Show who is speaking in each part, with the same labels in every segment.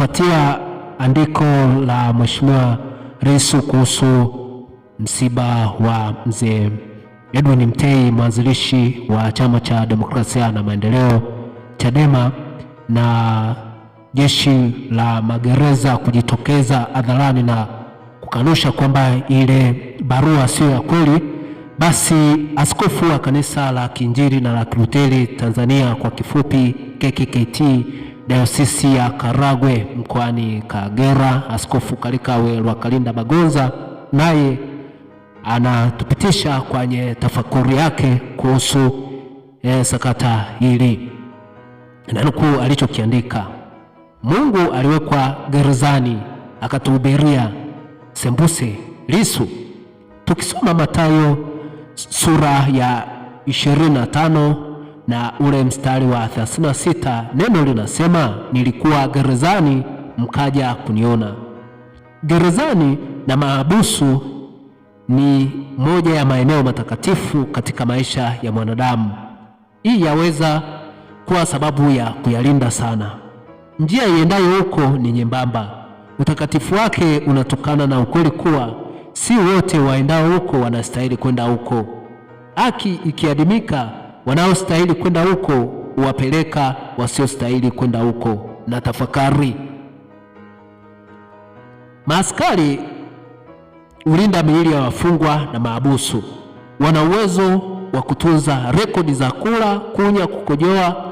Speaker 1: Kufuatia andiko la Mheshimiwa Rais kuhusu msiba wa mzee Edwin Mtei, mwanzilishi wa Chama cha Demokrasia na Maendeleo Chadema, na jeshi la magereza kujitokeza hadharani na kukanusha kwamba ile barua sio ya kweli, basi askofu wa kanisa la Kiinjili na la Kilutheri Tanzania kwa kifupi KKKT Dayosisi ya Karagwe mkoani Kagera, Askofu Kalikawe Lwakalinda Bagonza naye anatupitisha kwenye tafakuri yake kuhusu eh, sakata hili na nukuu alichokiandika: Mungu aliwekwa gerezani akatuhubiria sembuse Lisu. Tukisoma Mathayo sura ya 25 na ule mstari wa 36 neno linasema, nilikuwa gerezani mkaja kuniona. Gerezani na maabusu ni moja ya maeneo matakatifu katika maisha ya mwanadamu. Hii yaweza kuwa sababu ya kuyalinda sana. Njia iendayo huko ni nyembamba. Utakatifu wake unatokana na ukweli kuwa si wote waendao huko wanastahili kwenda huko. Haki ikiadimika wanaostahili kwenda huko huwapeleka wasiostahili kwenda huko. Na tafakari, maaskari hulinda miili ya wafungwa na maabusu, wana uwezo wa kutunza rekodi za kula, kunya, kukojoa,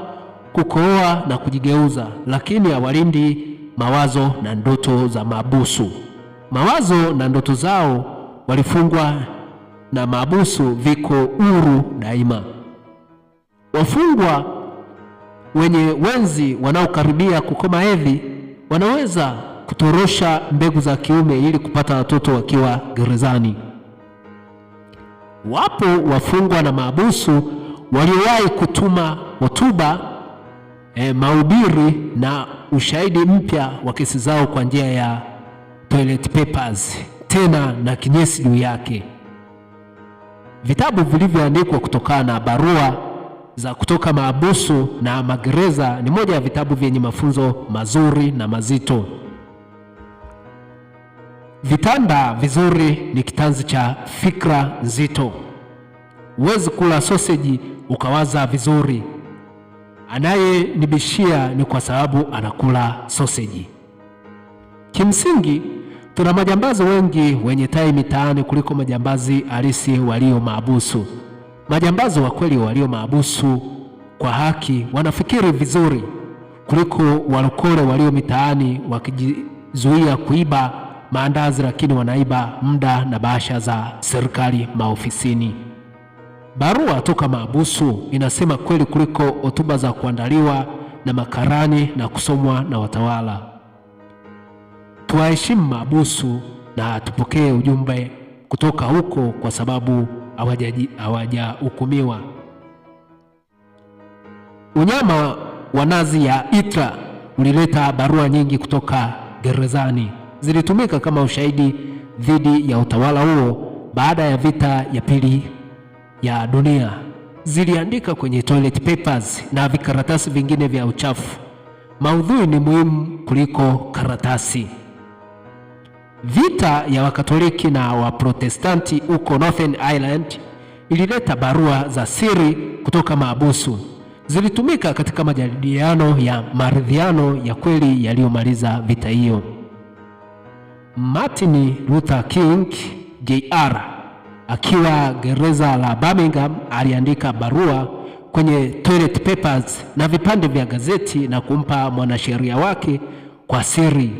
Speaker 1: kukooa na kujigeuza, lakini hawalindi mawazo na ndoto za maabusu. Mawazo na ndoto zao walifungwa na maabusu viko huru daima. Wafungwa wenye wenzi wanaokaribia kukoma hedhi wanaweza kutorosha mbegu za kiume ili kupata watoto wakiwa gerezani. Wapo wafungwa na maabusu waliowahi kutuma hotuba e, mahubiri na ushahidi mpya wa kesi zao kwa njia ya toilet papers, tena na kinyesi juu yake, vitabu vilivyoandikwa kutokana na barua za kutoka maabusu na magereza ni moja ya vitabu vyenye mafunzo mazuri na mazito. Vitanda vizuri ni kitanzi cha fikra nzito. Huwezi kula soseji ukawaza vizuri. Anayenibishia ni kwa sababu anakula soseji. Kimsingi, tuna majambazi wengi wenye tai mitaani kuliko majambazi halisi walio maabusu majambazo wa kweli walio maabusu kwa haki wanafikiri vizuri kuliko walokole walio mitaani wakijizuia kuiba maandazi, lakini wanaiba muda na bahasha za serikali maofisini. Barua toka maabusu inasema kweli kuliko hotuba za kuandaliwa na makarani na kusomwa na watawala. Tuwaheshimu maabusu na tupokee ujumbe kutoka huko kwa sababu hawajahukumiwa. Unyama wa nazi ya Itra ulileta barua nyingi kutoka gerezani, zilitumika kama ushahidi dhidi ya utawala huo. Baada ya vita ya pili ya dunia, ziliandika kwenye toilet papers na vikaratasi vingine vya uchafu. Maudhui ni muhimu kuliko karatasi. Vita ya Wakatoliki na Waprotestanti huko Northern Ireland ilileta barua za siri kutoka maabusu. Zilitumika katika majadiliano ya maridhiano ya kweli yaliyomaliza vita hiyo. Martin Luther King Jr. akiwa gereza la Birmingham aliandika barua kwenye toilet papers na vipande vya gazeti na kumpa mwanasheria wake kwa siri.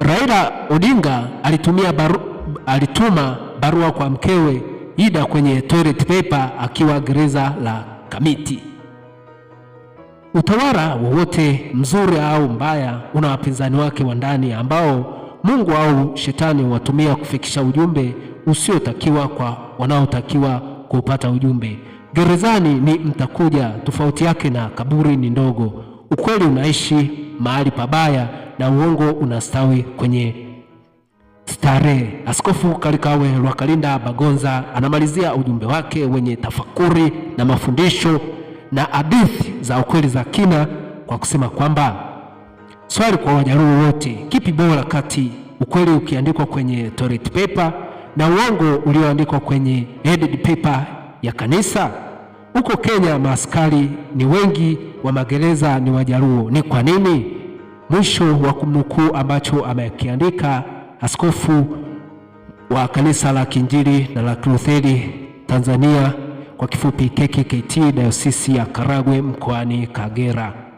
Speaker 1: Raila Odinga alitumia baru, alituma barua kwa mkewe Ida kwenye toilet paper akiwa gereza la Kamiti. Utawala wowote mzuri au mbaya una wapinzani wake wa ndani ambao Mungu au shetani watumia kufikisha ujumbe usiotakiwa kwa wanaotakiwa kupata ujumbe. Gerezani ni mtakuja, tofauti yake na kaburi ni ndogo. Ukweli unaishi mahali pabaya na uongo unastawi kwenye starehe. Askofu Kalikawe Lwakalinda Bagonza anamalizia ujumbe wake wenye tafakuri na mafundisho na hadithi za ukweli za kina kwa kusema kwamba swali kwa Wajaluo wote, kipi bora kati ukweli ukiandikwa kwenye toilet paper na uongo ulioandikwa kwenye headed paper ya kanisa? Huko Kenya maaskari ni wengi wa magereza ni Wajaluo. Ni kwa nini? Mwisho wa kumnukuu ambacho amekiandika askofu wa kanisa la Kiinjili na la Kilutheri Tanzania, kwa kifupi KKKT, dayosisi ya Karagwe mkoani Kagera.